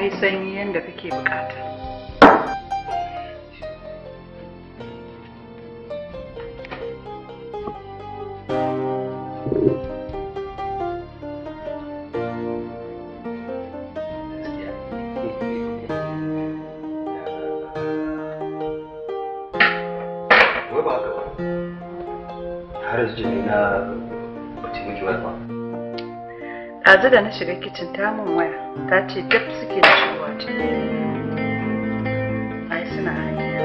ya yi sanyi yadda kake bukata Ɗazu da na shiga kicin tamun waya. ndathi kepsikiti wathi ayisinayo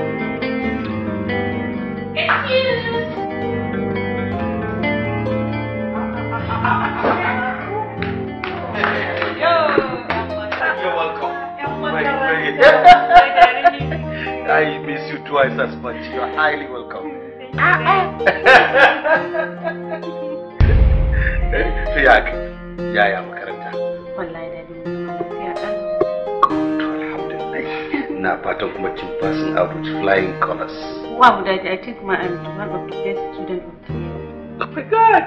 I miss you twice as much. You are highly flying colors. Wow, Daddy, I think my, I'm one of the best students of the year. Oh my God!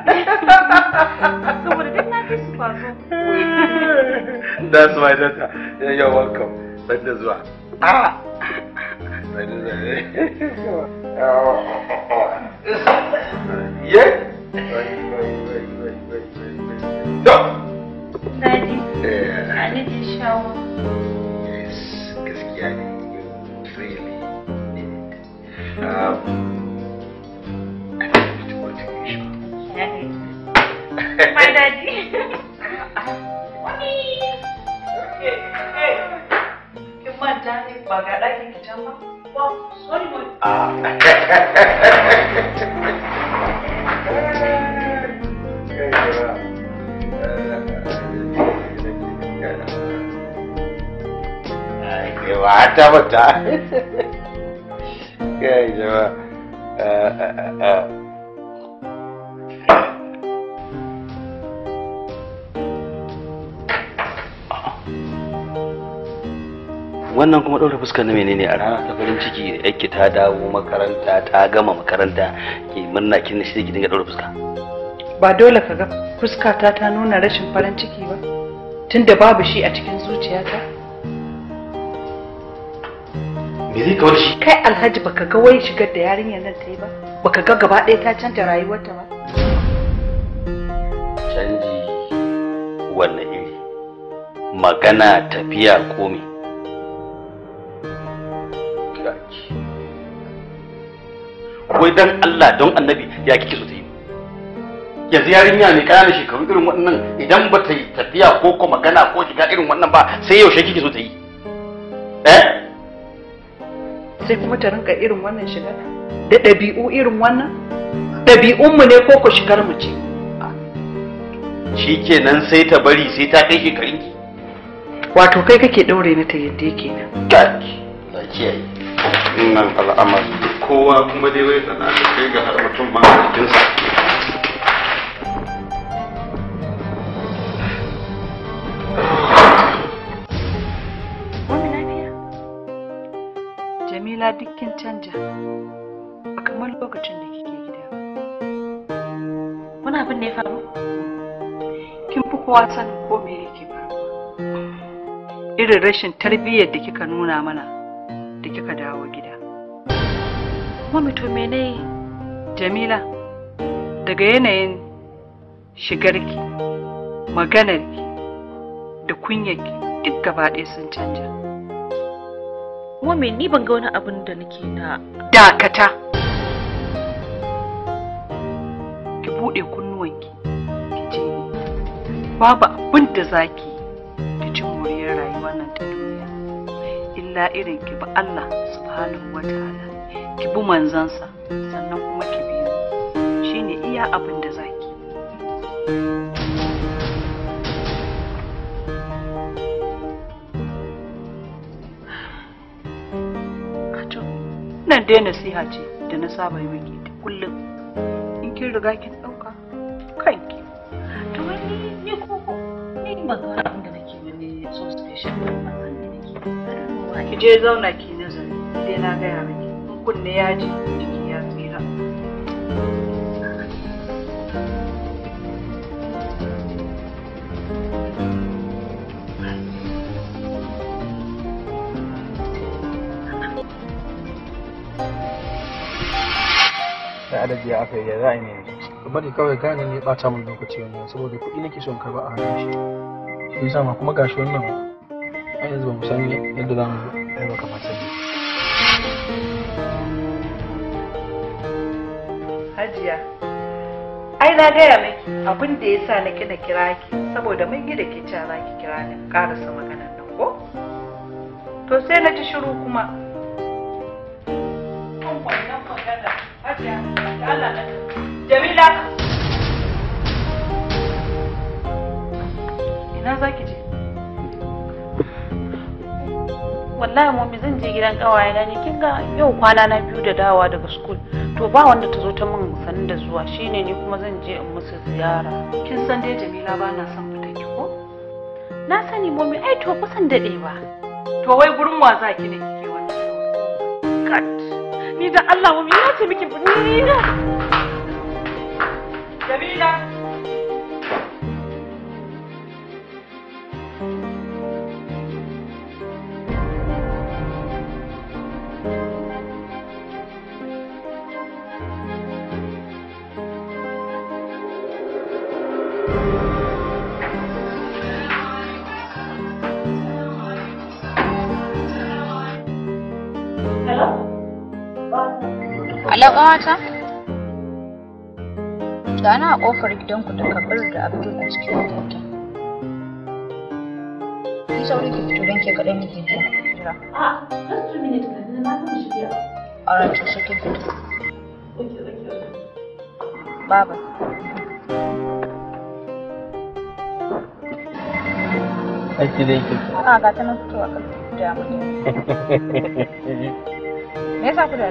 so did not this puzzle? That's my daughter. Yeah, you're welcome. Send this one. Ah! yeah? Daddy, yeah. I need a shower. ครับไปเดินที่ kin manta ta ba sorry Ah. bata. uh, uh. wannan kuma ɗaura fuskar na menene a rana ta farin ciki yake ta dawo makaranta ta gama makaranta ke murna kin shi ki dinga ɗaura fuska ba dole ka ga fuskata ta nuna rashin farin ciki ba tunda babu shi a cikin zuciyata me zai kawar shi kai alhaji baka ga wai shigar da yarinyar nan ta yi ba baka ga gaba ɗaya ta canza rayuwarta ba canji wannan iri magana tafiya komi. wai dan Allah don annabi ya kike so ta yi yanzu yarinya ne kana shekaru irin wannan idan ba ta yi tafiya ko ko magana ko shiga irin wannan ba sai yaushe kike so ta yi eh sai kuma ta rinka irin wannan shigar da ɗabi'u irin wannan mu ne ko ku shigar mu ce shi nan sai ta bari sai ta kai shekarun ki wato kai kake ɗaure ni ta yadda yake nan lafiya nan al'amari kowa kuma dai wai sana'a kai ga har mutum ma duk canja a kamar lokacin da kike gida wani abin ne ya faru kin fi kowa sanin ko me yake faruwa irin rashin tarbiyyar da kika nuna mana da kika dawo gida mami to mene jamila daga yanayin shigarki maganarki da kunyarki duk gaba ɗaya sun canja kuma me ni ban ga wani abin da nake na dakata ki buɗe kunnuwanki ki je babu abin da zaki ki ci moriyar rayuwar nan ta duniya illa irin ki bi Allah subhanahu wataala ki bi manzansa sannan kuma ki bi shine iya abin da zaki thank you wannan dai nasiha ce da na saba yi miki ta kullum in kin riga kin ɗauka kanki to wani ni ko ni ba ga wani da nake wani so special ba ki je zauna ki nazari dai na gaya miki kunne ya ji ta alaji aka yi za a yi ne kamar da kawai gane ne ta min lokaci ne saboda kuɗi nake son karɓa a hannun shi shi yasa ma kuma gashi wannan a yanzu ba mu san yadda za mu yi ba kamar ta Hajiya, ai na gaya miki abin da ya sa na kina kira ki saboda mun yi da ki ki kira ni ƙarasa maganar nan ko? To sai na ji shiru kuma wallahi Mami, zan je gidan kawaye gani kin ga yau kwana na biyu da dawa daga school to ba wanda ta zo ta min sanin da zuwa shine ni kuma zan je in musu ziyara kin san dai Jamila ba na son fita ki ko na sani Mami, ai to kusan dade ba to wai gurin wa za ki ne kike wannan kat ni da Allah Mami, na ce miki ni Jamila wata da na a ƙofar gidanku da kabir da abdul a cikin mota ki sauri ki fito don ke kaɗai ne ah, ke jira just na kuma a baba da yake. Ah, ga ta nan fitowa kan da mutum. Me yasa ku da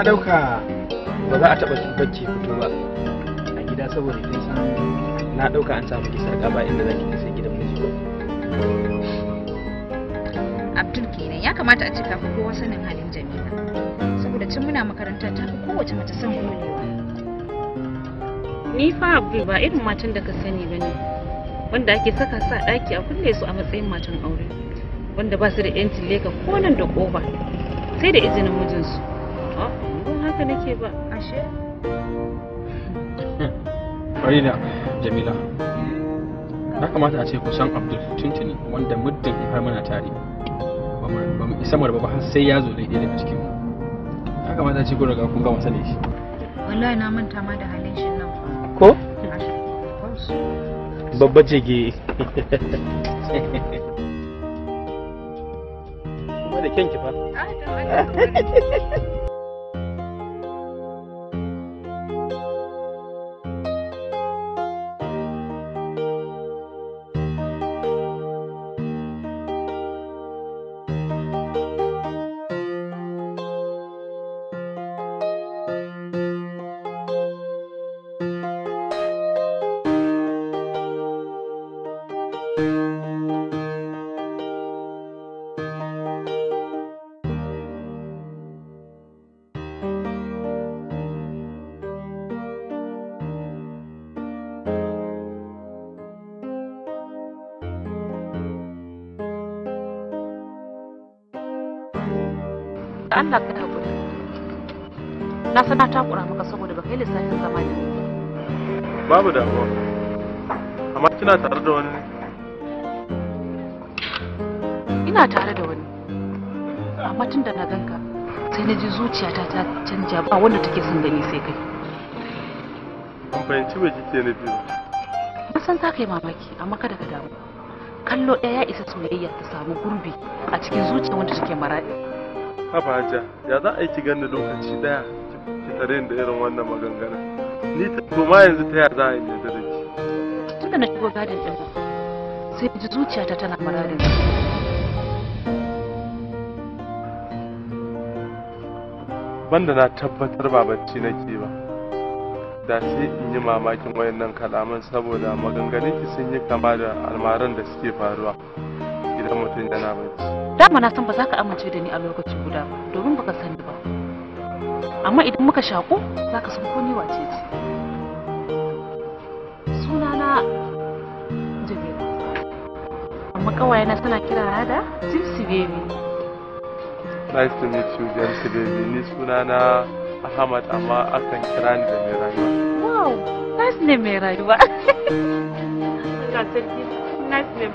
na dauka ba za a taba bacci fito ba a gida saboda kin san na dauka an samu kisar ba inda zaki kisa gidan miji ba Abdul kenan ya kamata a cika ka kowa sanin halin Jamila saboda tun muna makaranta ta fi kowace mace san golewa Ni fa Abdul ba irin matan da ka sani bane wanda ake saka sa daki a kulle su a matsayin matan aure wanda ba su da 'yancin leka ko nan da koba sai da izinin mijinsu. haka nake ba ashe farida jamila ya kamata a ce kusan abdul tuntuni wanda muddin ya har muna tare ba mu isa marba ba har sai ya zo daidai daga cikin ya kamata a ce kun riga kun gama sani shi wallahi na manta ma da halin shi nan ko babba jege kuma da kyanki fa ah, na takura maka saboda baka yi lissafin zama da babu damuwa amma kina tare da wani ina tare da wani amma tun da na ganka sai na ji zuciyata ta canja ba wanda take son gani sai kai ban fahimci me kike nufi ba san za ka yi mamaki amma kada ka damu kallo ɗaya ya isa soyayya ta samu gurbi a cikin zuciya wanda take maraɗi haba hajiya ya za a yi ki gani lokaci ɗaya tsare da irin wannan maganganu ni ta ma yanzu ta yaya za a yi da dare tunda na shigo gadin din sai ji zuciyata tana mararin banda na tabbatar ba bacci nake ba da sai in yi mamakin wayannan kalaman saboda maganganun ki sun yi kama da almaran da suke faruwa idan mutum yana bacci dama na san ba za ka amince da ni a lokaci guda domin baka sani ba amma idan muka shaku za ka san ko ni wace ce sunana jamila amma kawai na suna kira da jimsi baby nice to meet you jimsi baby ni sunana ahmad amma akan kira ni da mai rayuwa wow nice name mai rayuwa nice name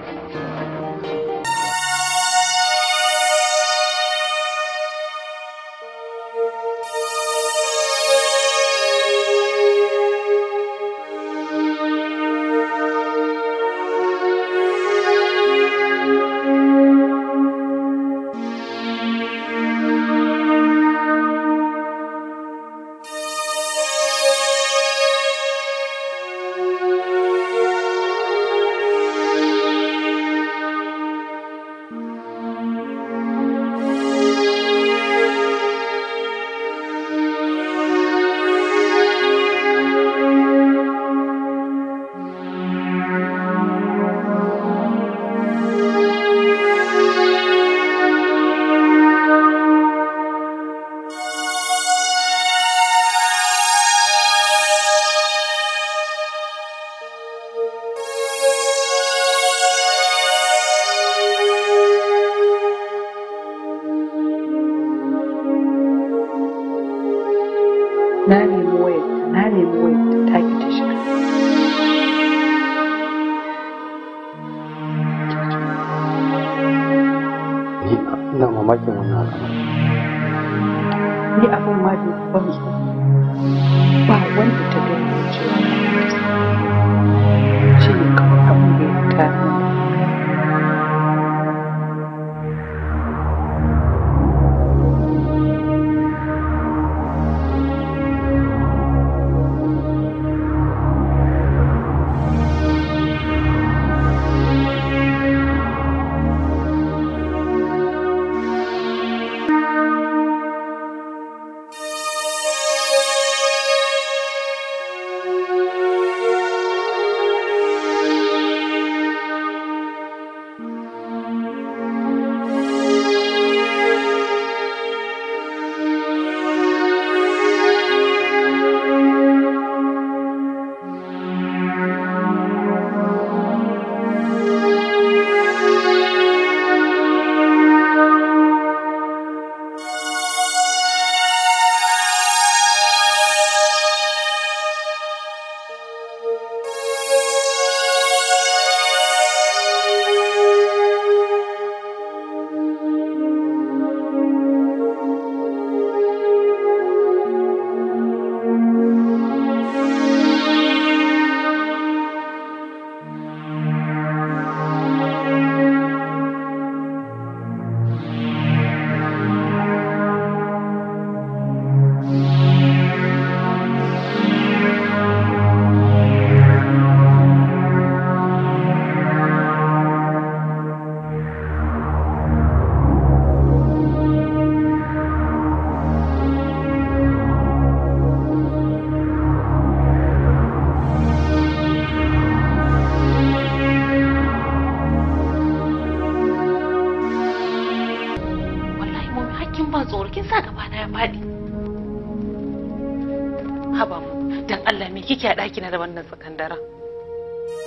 na da wannan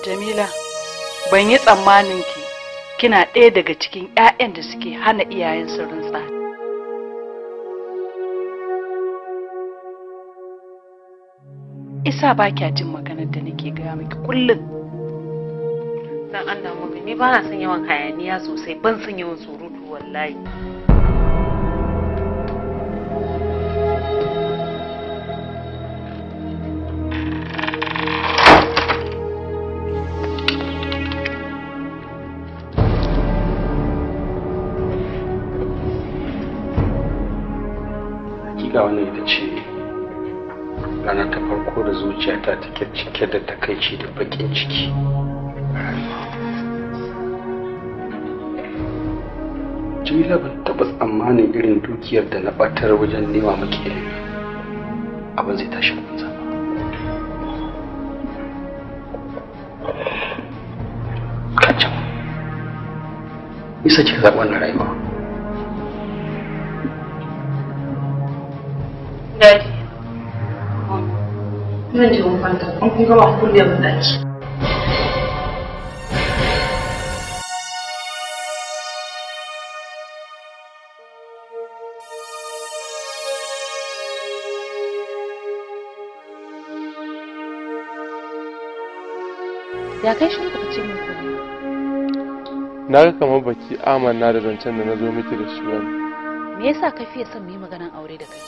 jamila ban yi tsammanin ki kina ɗaya daga cikin 'ya'yan da suke hana iyayen su rintsa isa ba kya jin maganar da nake gaya miki kullum dan Allah mu ni ba na son yawan hayaniya sosai ban son yawan surutu wallahi ita ce rana ta farko da zuciyata take cike da takaici da bakin ciki jimila ban taɓa tsammanin irin dukiyar da na ɓatar wajen nema maki abin zai tashi banza ba kacan isa sace zaɓen rayuwa Daddy. Zan je mun kwanta, an kun gaba kulle mun daki. ya kai shi ka ce min na ga kamar baki amanna da zancen da na zo miki da shi wani me yasa ka fiye son mu yi maganan aure da kai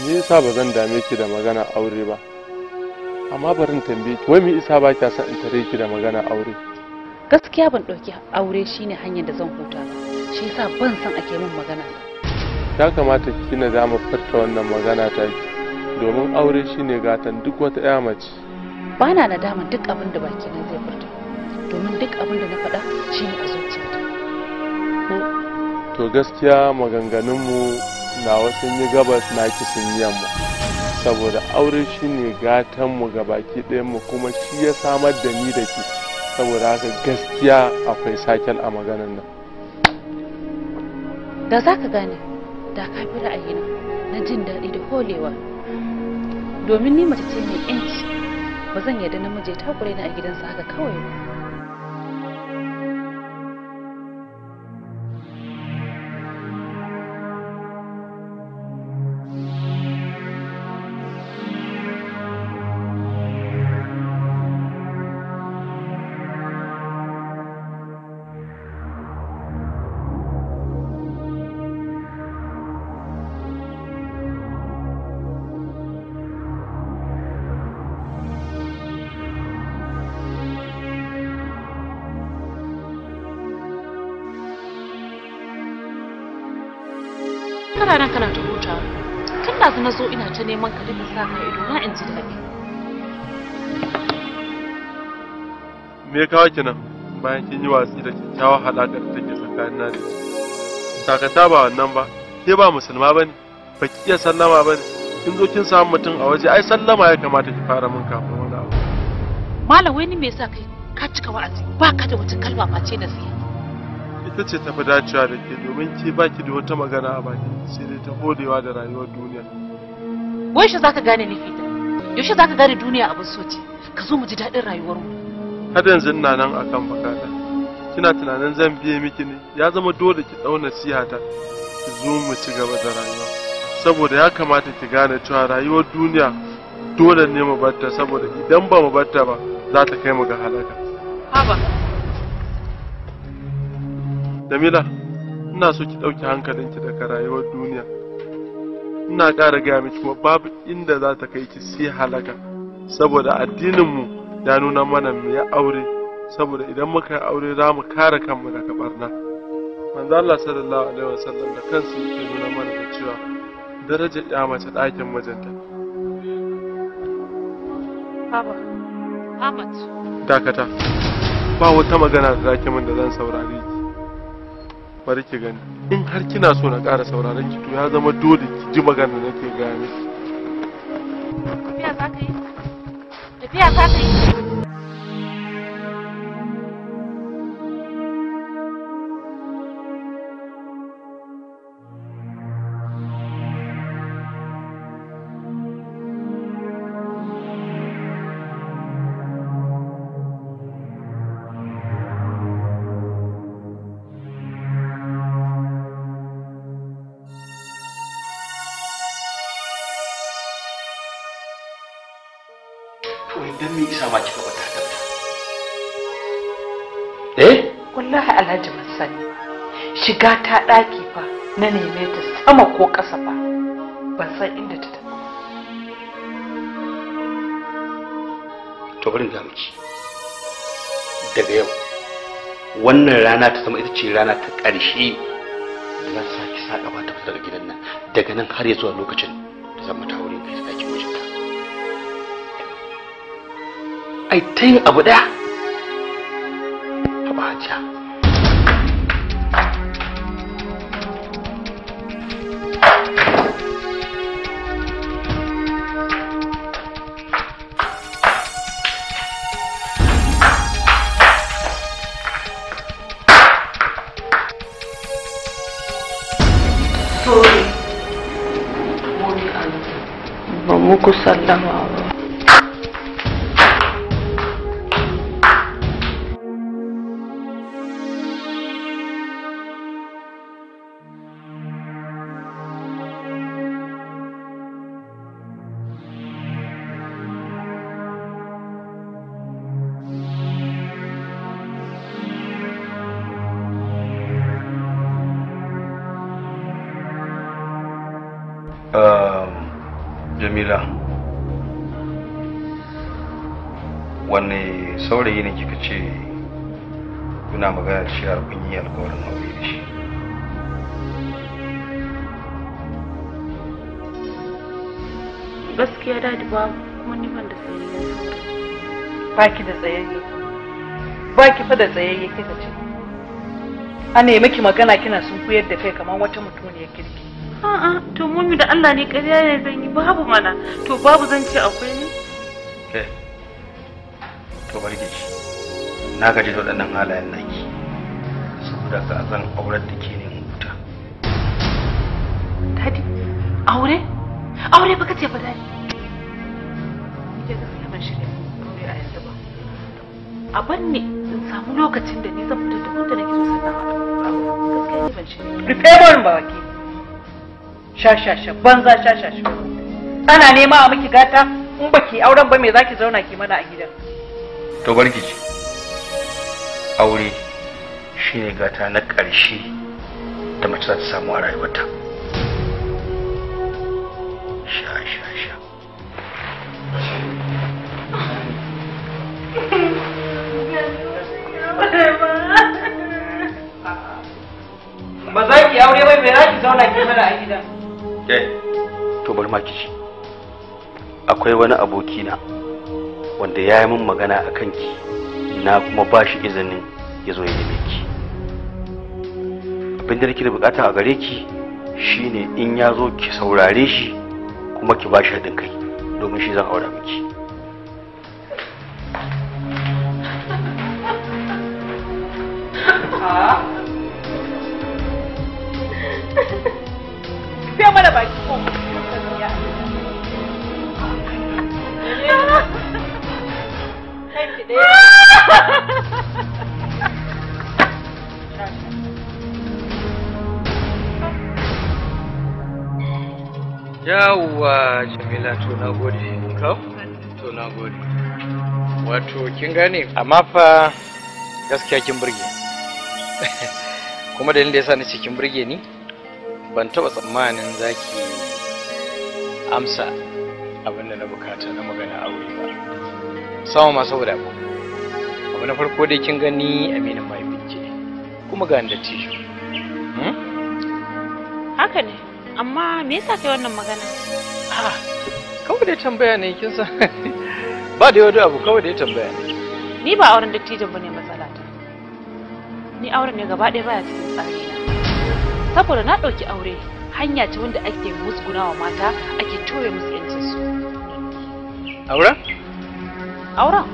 me yasa ba zan dame ki da magana aure ba amma barin tambaye ki wai me isa ba kya son in tare ki da magana aure gaskiya ban ɗauki aure shine hanyar da zan huta ba shi yasa ban san ake min magana ya kamata ki na zama farta wannan magana ta ki domin aure shine gatan duk wata ya mace ba na nadama duk abin da baki na zai furta domin duk abin da na faɗa shine a zuciyata to gaskiya maganganunmu nawa sun yi gabas na sun yamma saboda aure shi ne gatanmu ga baki mu kuma shi ya samar da ni da ke saboda haka gaskiya akwai sakel a maganan nan da za ka gane da ka fi ra'ayina na jin daɗi da holewa domin ni mace ce mai 'yanci ba zan yarda namiji ta kure ni a gidansa haka kawai ba ta neman ka duka sa ka ido na in ji daɗi. Me ya kawo ki bayan kin yi watsi da kyakkyawar haɗakar da ke tsakanin na da ke. Takata ba wannan ba, ke ba musulma ba ne, ba ki iya sallama ba ne, kin zo kin samu mutum a waje ai sallama ya kamata ki fara min kafin wani abu. Malam wai ni me yasa kai ka cika wa'azi ba ka da wata kalma na siya. ita ce tafi dacewa da ke domin ki da wata magana a baki sai dai ta hodewa da rayuwar duniya wai shi zaka gane ni fita yaushe zaka gane duniya abin so ce ka zo mu ji daɗin rayuwar mu har yanzu ina nan akan bakata kina tunanin zan biye miki ne ya zama dole ki dauna siyata ki zo mu ci gaba da rayuwa saboda ya kamata ki gane cewa rayuwar duniya dole ne mu batta saboda idan ba mu batta ba za ta kai mu ga halaka haba Jamila, ina so ki ɗauki hankalinki daga rayuwar duniya. ina ƙara gaya miki kuma babu inda za ta kai ki sai halaka saboda addininmu ya nuna mana mu ya aure saboda idan muka yi aure za mu kare kanmu daga barna manzo Allah sallallahu alaihi wasallam da kansa ya nuna mana da cewa daraja ya mace ɗakin mijinta Baba Ahmad dakata ba wata magana da zaki min da zan saurare ki bari ki gani in har kina so na ƙara sauraron ki to ya zama dole ki ji magana nake ga miki tafiya za ka yi tafiya za ka yi wai isa ma kika bata ta eh wallahi alhaji ban shiga ta daki fa na neme ta sama ko ƙasa fa, ban san inda ta tafi to bari ga miki daga yau wannan rana ta zama ita ce rana ta ƙarshe da za sa ki sa ta fita daga gidan nan daga nan har ya zuwa lokacin da zan mata wurin kai ai ta yin abu daya ba hajiya ba muku sallama saurayi ne kika ce kuna magana shi har kun yi alkawarin aure da shi gaskiya da ba kuma ni ban da tsayayye ki da tsayayye ki fa da tsayayye kika ce a ne ki magana kina sun koyar da kai kamar wata mutuniyar kirki a'a to mummi da Allah ne ƙarya ne zan yi babu mana to babu zan ce akwai ne to bari ki shi na gaji da waɗannan halayen naki saboda ka zan aurar da ke ne huta dadi aure aure baka ce ba dadi ke gaskiya ban shirya aure a yanzu ba a ban ne in samu lokacin da ni zan fita da wanda nake so sannan a gaskiya ban shirya rufe ban ba wake sha sha sha banza sha sha sha ana nema a miki gata in baki auren ba me zaki zauna ki mana a gidan to bar ji aure shine gata na ƙarshe da mace za ta samu a rayuwarta ba za ki aure bai bai za ki zauna ki mana a gidan eh to bar ma ki ci akwai wani abokina wanda ya yi min magana a kanki na kuma ba shi izinin ya zo ya neme ki abin da nake da bukata a gare ki shine in ya zo ki saurare shi kuma ki ba shi haɗin kai domin shi zan aura miki Sai mana baki ko. ki dai yawwa jamila to na gode kaf to na gode wato kin gane amma fa gaskiya kin burge kuma dalilin da yasa nace kin burge ni ban taɓa tsammanin za ki amsa abin da na bukata na magana aure ba sama ma saboda abu abu na farko dai kin gani aminin mahaifin ne kuma ga da tijo hmm? haka ne amma me yasa kai wannan magana ah, kawai dai tambaya ne kin san ba da wani abu kawai dai tambaya ne ni ba auren dattijan bane matsala ta ni auren ne gaba ɗaya baya cikin tsari saboda na ɗauki aure hanya ce wanda ake musgunawa mata ake toye musu 'yancin su auren ahora.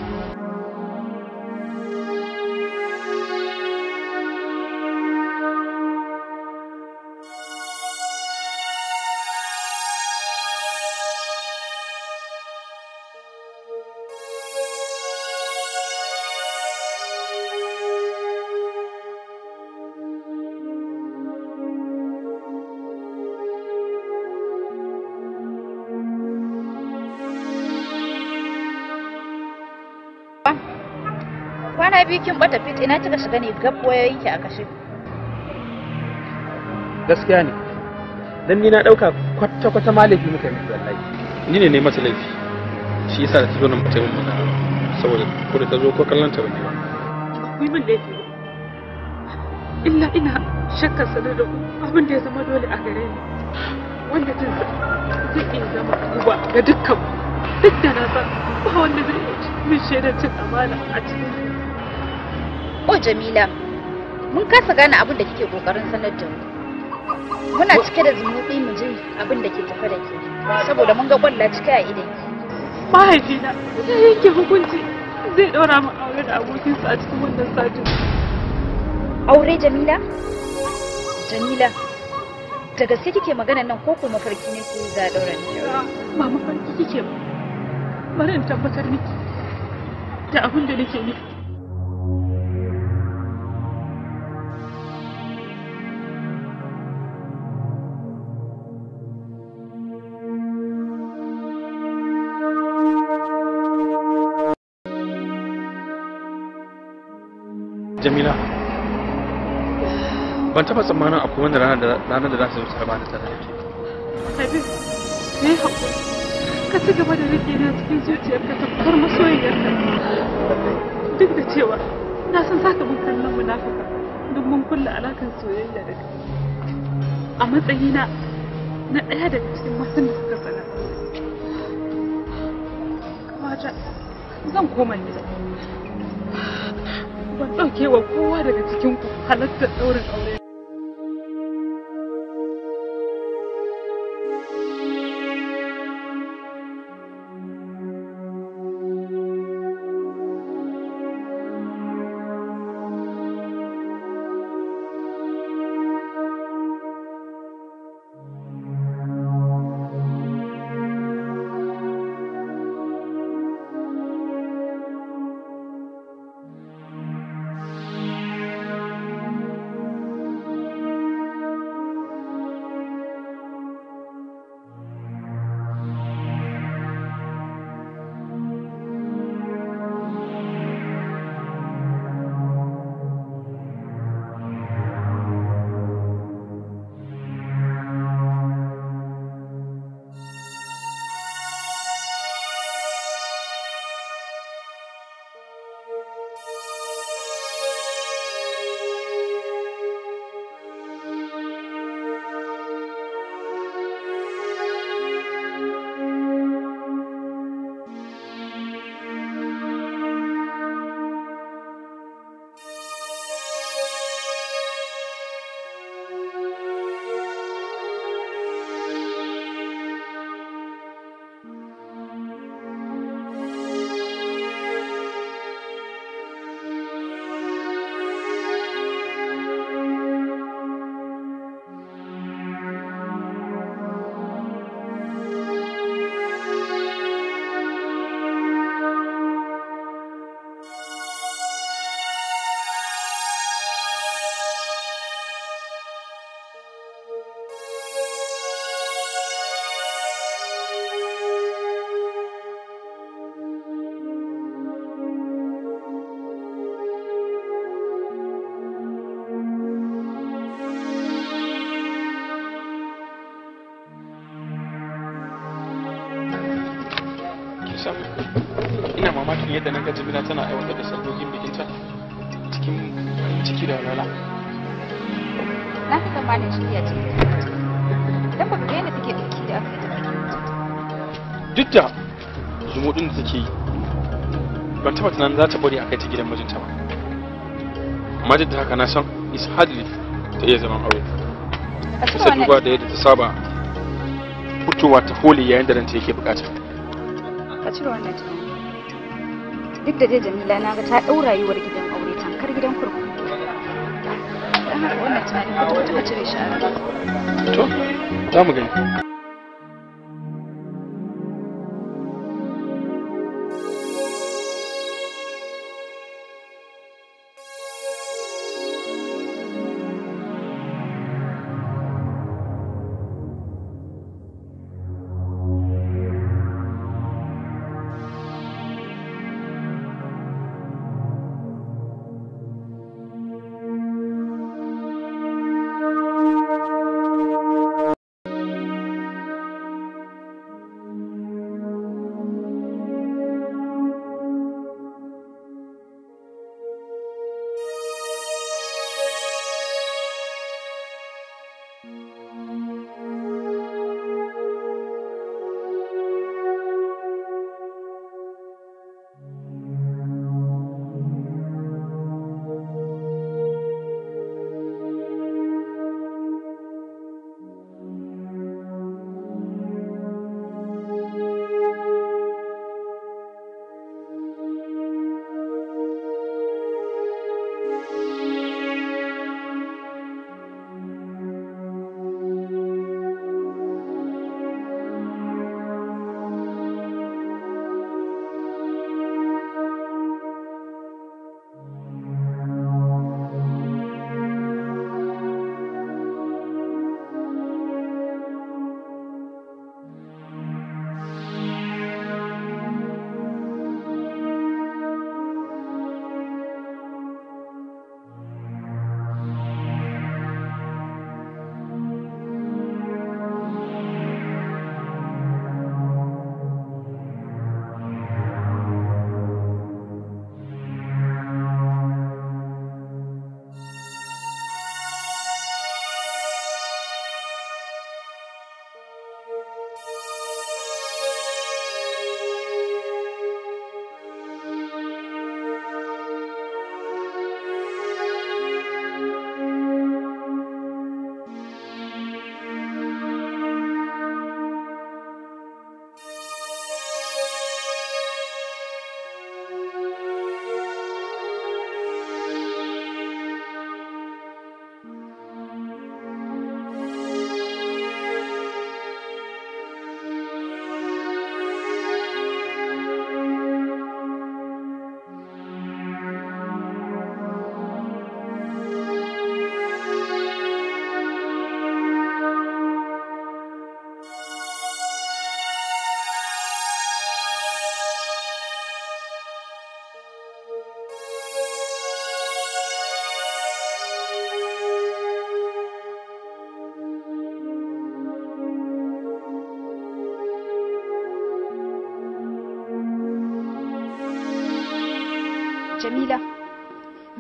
bi kin bata fit ina kika shiga ne gab wayoyin a kashe gaskiya ne dan ni na dauka kwata kwata ma muka yi wallahi ni ne ne masa laifi shi yasa da ta zo nan mata mun magana saboda ko da ta zo ko kallon ta bane ba ku yi min laifi illa ina shakka sanar da ku abin da ya zama dole a gare ni wanda jin zai iya zama duba ga dukkan duk da na san ba wanda zai yi min shaidar cin amana a cikin Oh Jamila, mun kasa gane abin da kike kokarin sanar da mu. Muna cike da zumuɗi mu ji abin da ke tafe da ke, saboda mun ga kwalla cike a idan ki. Mahaifina, ya yanke hukunci zai ɗora mu aure da abokinsa a cikin wannan satin. Aure Jamila? Jamila, da gaske kike magana nan ko kuma farki ne ke za dauran Mama farki kike bari in tabbatar miki da abin da nake nufi. ban taba tsammanin akwai wanda ranar da za su zuwa bani tare da ke habib ne haƙuri ka ci gaba da rike na cikin zuciyarka ta kar masoyiyarka duk da cewa na san ka mun kallon munafuka duk mun kulla alakan soyayya da kai a matsayina na ɗaya daga cikin masu da suka sana kamata zan koma ne. ban ɗauke wa kowa daga cikin ku halartar ɗaurin aure yadda na gaji bina tana aiwatar da sandogin bikinta cikin farin ciki da walwala na fi tsammanin ya ce don baka ga yadda take ɗauki da aka yi duk da zumuɗin da take yi ban taɓa tunanin za ta bari a kai ta gidan mijinta ba amma duk da haka na san is hardly ta iya zaman aure bisa duba da yadda ta saba fitowa ta hole yayin da ranta yake bukata ka cire wannan tunani duk da dai jamila na ga ta ɗau rayuwar gidan aure tamkar gidan kurkuku ta haka wannan tunanin ko ta cire shi a to za mu gani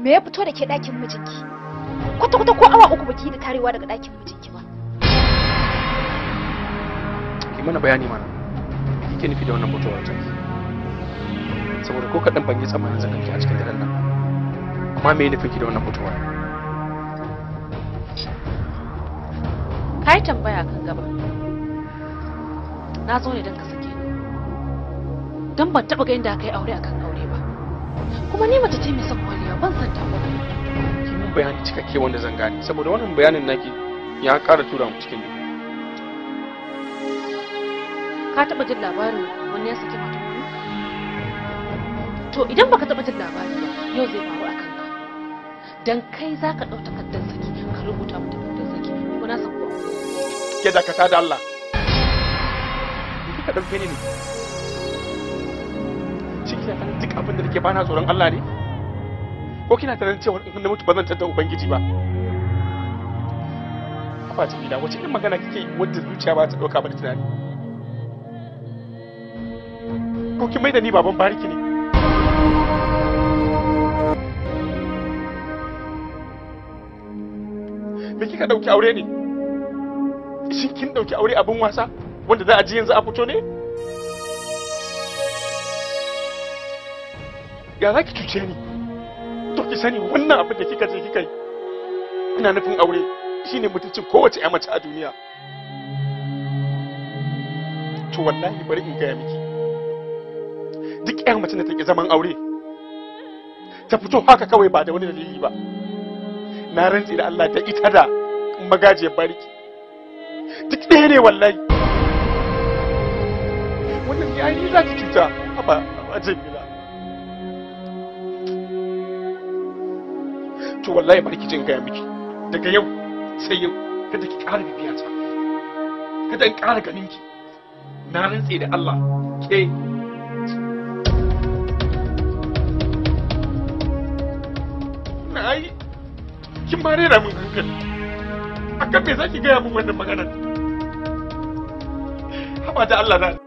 me ya fito da ke dakin mijinki kwata kwata ko awa uku baki yi da tarewa daga dakin mijinki ba ki mana bayani mana kike nufi da wannan fitowar ta saboda ko kadan ban yi tsammanin zan a cikin gidan nan amma me nufin ki da wannan fitowar kai tambaya kan gaba na zo ne don ka sake ni don ban taɓa ga inda aka yi aure akan aure ba kuma ni mace ce mai son kwaliya ban san ta ba ki mun bayani cikakke wanda zan gane saboda wannan bayanin naki ya ƙara tura mu cikin ka taɓa jin labarin wani ya saki mata wani to idan baka taɓa jin labarin ba yau zai faru a kanka dan kai za ka ɗau takardar saki ka rubuta mu takardar saki ko na san ko ke dakata da Allah ka ɗauke ni ne kina san duk abin da nake bana tsoron Allah ne ko kina tare da cewa in na mutu ba zan ubangiji ba kafa ta gida wace irin magana kike wadda zuciya ba ta dauka ba da tunani ko kin mai da ni baban bariki ne me kika dauki aure ne shin kin dauki aure abin wasa wanda za a ji yanzu a fito ne ya za ki cuce ni to ki sani wannan abin da kika je kika yi ina nufin aure shine mutuncin kowace ya mace a duniya to wallahi bari in gaya miki duk yan mace da take zaman aure ta fito haka kawai ba da wani dalili ba na rantsi da Allah da ita da magajiyar bariki duk ɗaya ne wallahi wannan ya yi za ki cuta a jami'a to wallahi barki jin gaya miki daga yau sai yau kada ki ƙara bibiya ta kada in ƙara ganin ki na rantse da Allah ke na yi kin ba rera min hankali akan me zaki gaya min wannan magana haba da Allah na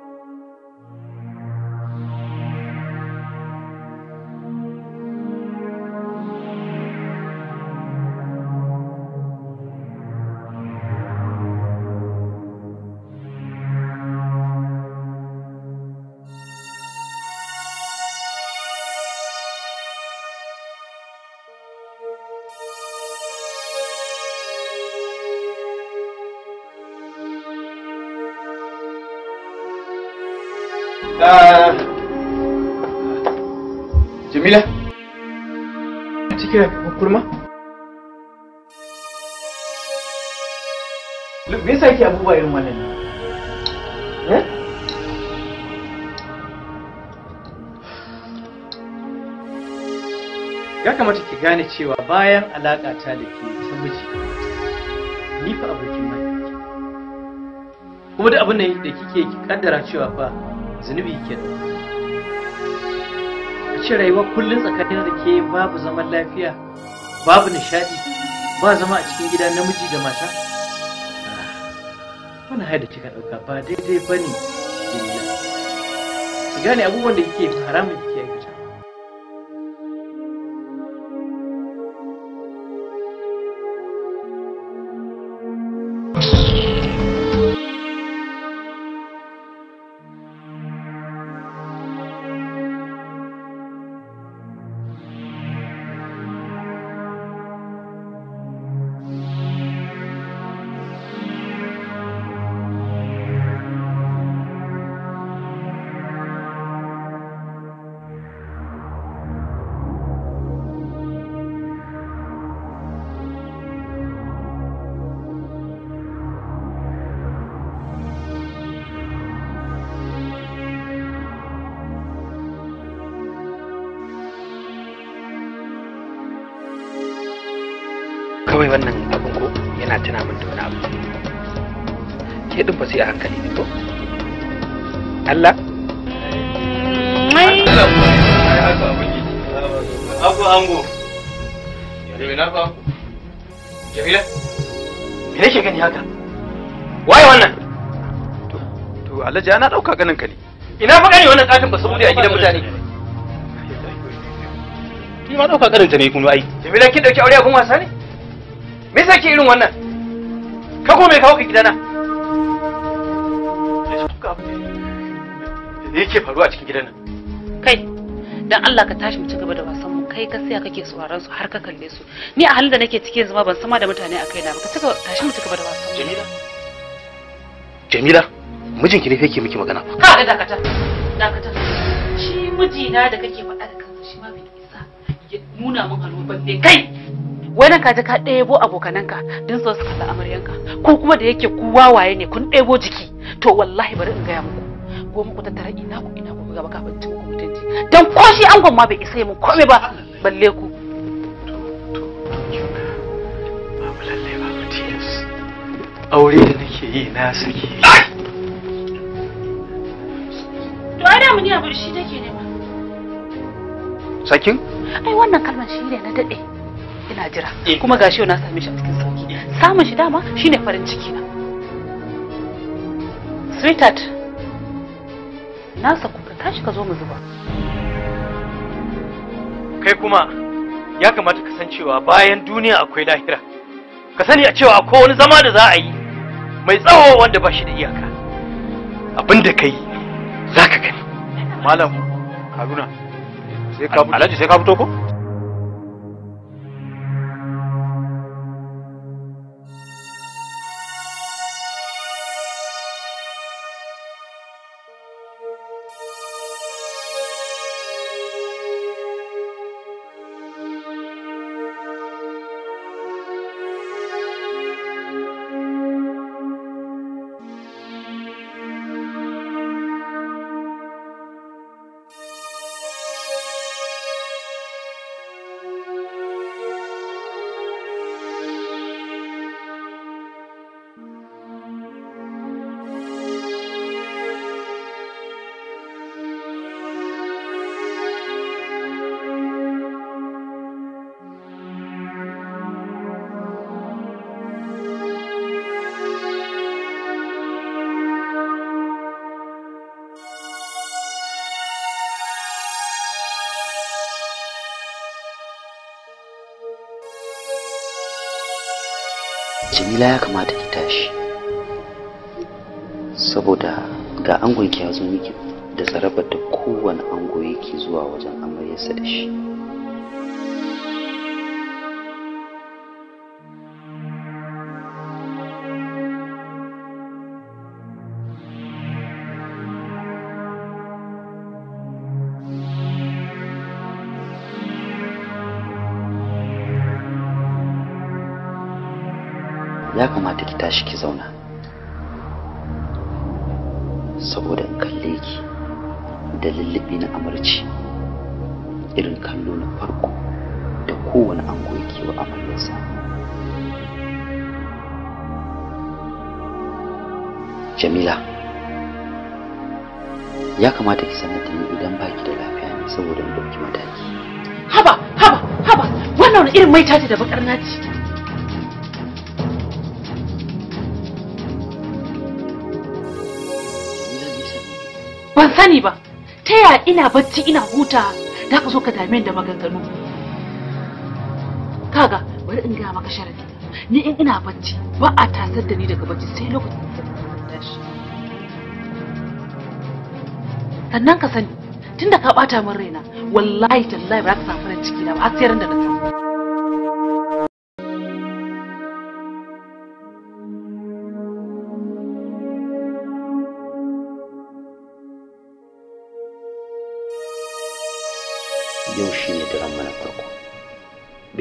fikir kurma me ne ya kamata ki gane cewa bayan alaƙa ta da ke ta miji ni fa abokin mai kuma duk abin da kike ki kaddara cewa fa zunubi kenan. ce rayuwa kullum tsakanin da ke babu zaman lafiya babu nishadi ba zama a cikin gida namiji da mata ah, wani haida kika ɗauka ba daidai ba ne ki gane abubuwan da kike haramun kike aikata you daraja na dauka ganin ka ne ina fa gani wannan katin ba saboda a gidan mutane ni ma dauka ganin ta ne kuma ai jamila kin dauki aure a gun wasa ne me yasa ki irin wannan ka ko me kawo ka gidana me yake faruwa cikin gidan nan kai dan Allah ka tashi mu ci gaba da wasan mu kai ka saya kake sauraron su har ka kalle su ni a halin da nake cikin zama ban sama da mutane a kaina ba ka tashi mu ci gaba da wasan mu jamila jamila mijinki ne fa yake miki magana ka ga dakata dakata shi mijina da kake faɗa da kansa shi ma bai isa ya nuna min haloban ne kai wai ka ji ka ɗebo abokananka don so su kalla amaryanka ko kuma da yake ku wawaye ne kun ɗebo jiki to wallahi bari in gaya muku goma ku tara ina ku ina ku gaba kafin cin ku mutunci dan ko shi angon ma bai isa yi mun komai ba balle ku aure da nake yi na saki abu shi take nema. Sakin? Ai wannan kalmar shi ne na daɗe. Ina jira. Eh. Kuma gashi na same shi a cikin sauki. Samun shi dama shine farin ciki na. Sweetheart. Na saku ka tashi ka zo mu zuba. Kai kuma ya kamata ka san cewa bayan duniya akwai lahira. Ka sani a cewa akwai wani zama da za a yi mai tsawo wanda ba shi da iyaka. Abin da ka yi za ka gani. malam kaduna sai ka sai ka fito ko jamila ya kamata ki tashi saboda ga angon ki ya zo miki da zarabar da kowane ango yake zuwa wajen amaryarsa da shi ya kamata ki tashi ki zauna saboda in kalle ki da lullubi na amurci irin kallo na farko da kowane ango yake wa amaryarsa jamila ya kamata ki sanar da ni idan baki da lafiya ne saboda in ɗauki mataki haba haba haba wannan irin maita tace da bakar naci sani ba ta yaya ina bacci ina huta da ka zo ka dame da maganganu kaga bari in gaya maka sharadi ni in ina bacci ba a tasar da ni daga bacci sai lokacin da tashi sannan ka sani tunda ka bata min raina wallahi tallahi ba za ka samu farin ciki na ba har sai da na samu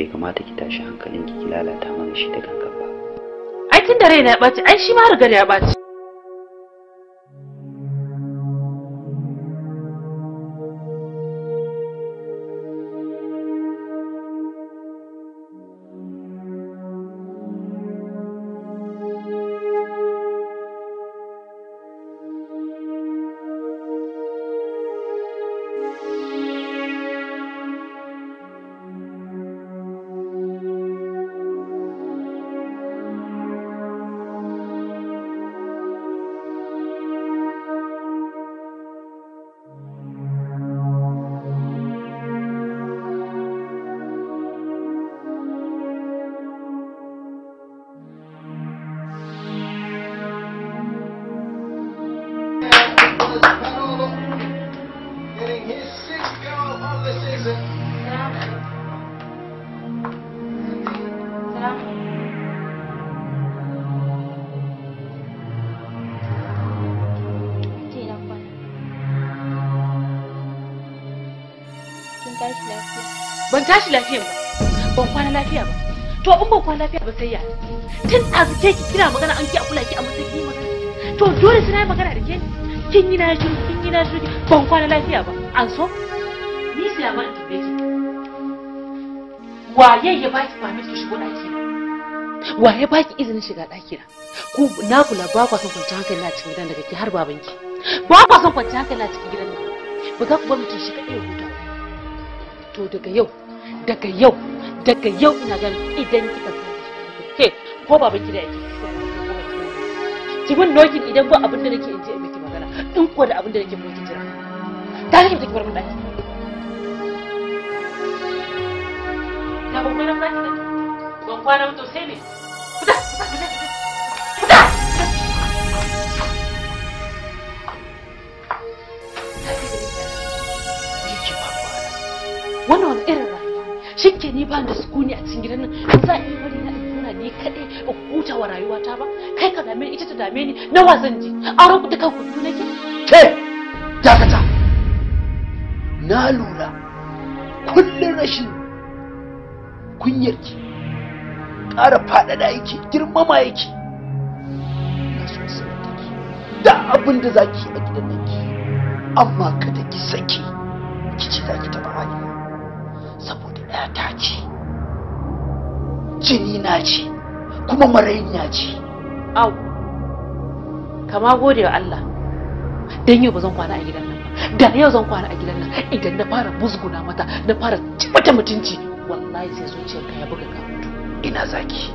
bai kamata ki tashi hankalin ki lalata mana shi da gangan ba ai tun da raina ya ɓaci ai shi ma rigar ya ɓaci tashi lafiya. Ban tashi lafiyan ba. Ban kwana lafiya ba. To in ban kwana lafiya ba sai ya. Tun a ke ki kira magana an ki a kula ki a matsayin magana. To dole sai na yi magana da ke Kin yi na shiru kin yi na shiru ban kwana lafiya ba. An so? Ni sai ba in tambaye Waye ya baki permit ki shigo daki? Waye baki izinin shiga daki na? Ku na kula ba kwa son kwanciyar hankali na cikin gidan daga ki har babanki. Ba kwa son kwanciyar hankali na cikin gidan nan. Ba za ku bar mutum shi kaɗai ya huta. to daga yau daga yau daga yau ina gani idan kika san ke ko baban da yake ki bin nokin idan ba abin da nake in ji miki magana in ko da abin da nake miki jira ta nake miki bar mun daki na ban kwana ba ban kwana to sai ne fita fita fita wannan wani irin rayuwa shi ke ni ba da sukuni a cikin gidan nan ba za a yi wani na zauna ni kaɗai ba huta wa rayuwata ba kai ka dame ita ta dame ni na wa zan ji auren ku kan kudu nake ke dakata na lura kullum rashin kunyarki ƙara faɗaɗa yake girmama yake na da abin da za ki a gidan nan ki amma kada ki saki, ki ce za ki taɓa rayuwa 'yata ce jini na ce kuma marainiya ce au kama gode wa Allah don yau ba zan kwana a gidan nan da yau zan kwana a gidan nan idan na fara musguna mata na fara mata mutunci wallahi sai zuciyar ka ya buga ka mutu ina zaki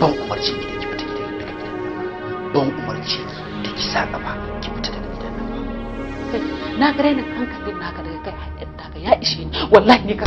ban umarci ki da ki fita gidan daga gidan ban umarci ki da ki sa gaba ki fita daga gidan nan na ga rainin hankalin naka daga kai ta ya ishe ni wallahi ne ka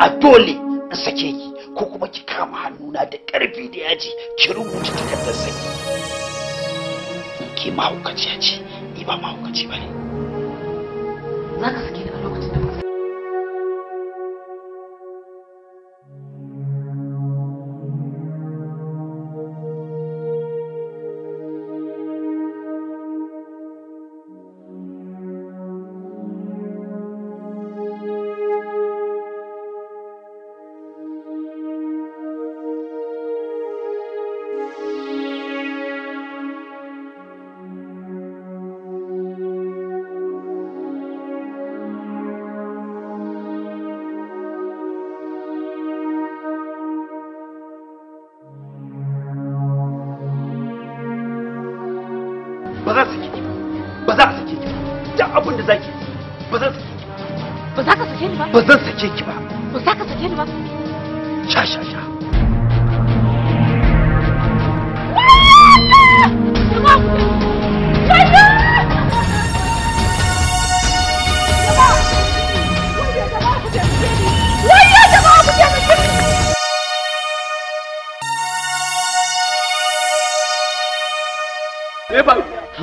a dole in sake ki ko kuma ki kama hannuna da ƙarfi da yaji ki rubuta takardar saki ki mahaukaciya ce ni ba mahaukaci ba ne za ka sake ni a lokacin da ba za su ki ba za su ki duk abin da zaki ba za su ki ba za ka sake ni ba ba zan sake ki ba ba za ka sake ni ba sha sha sha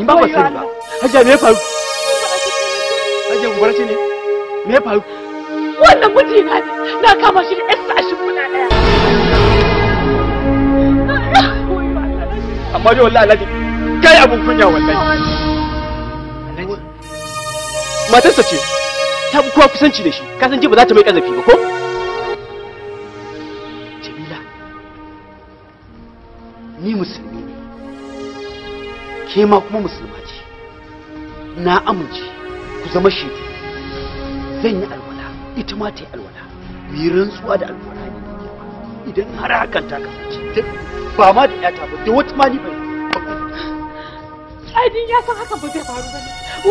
in ba ba sani ba hajiya me ya faru hajiya gobara ce ne me faru wannan mijina ne na kama shi da yarsa a shimfiɗa ɗaya amma dai wallahi alhaji kai abun kunya wallahi matarsa ce ta kowa kusanci da shi kasance ba za ta mai kazafi ba ko ke ma kuma musulma ce na amince ku zama shi zan yi alwala ita ma ta yi alwala birin yi da alwala idan har hakan ta kasance ba ma da yata ba da wata ma ni bai ai din ya san hakan ba zai faru ba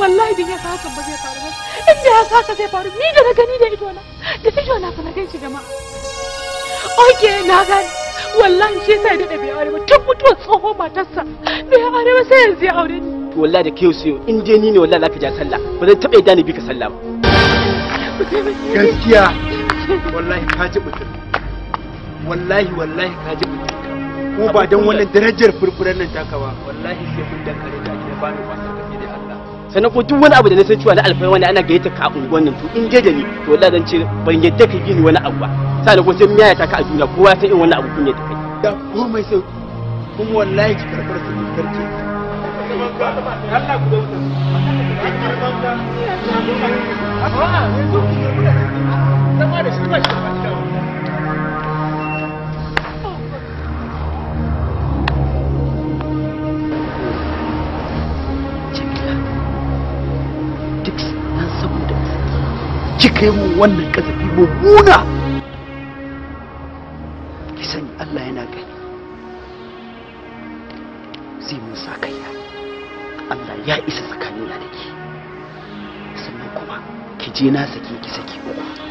wallahi din ya san hakan ba zai faru ba da ya san haka zai faru ni da na gani da ido na da ido na fa na gan shi jama'a okay na gani wallahi shi sai da bai aure ba tun mutuwa tsoho matarsa bai aure ba sai yanzu ya aure ni wallahi da kai sai in dai ni ne wallahi zaka sallah ba zan taba yadda ni bi ka sallah ba gaskiya wallahi ka ji mutum wallahi wallahi ka ji mutum ko ba dan wannan darajar furfuran nan ba wallahi sai mun dankare ba sannan ko duk wani abu da na san cewa na alfai wani ana gayyata ka unguwan nan to in dai da ni to wallahi zan ce ban yadda ka gini wani abu ba sannan ko sai miya ka a duniya kowa san in wani abu kun yadda kai kika yi mun wannan kasafi mummuna ki sani Allah yana gani zai mun sa kaiya Allah ya isa tsakanina da ke sannan kuma ki je na sake ki saki uku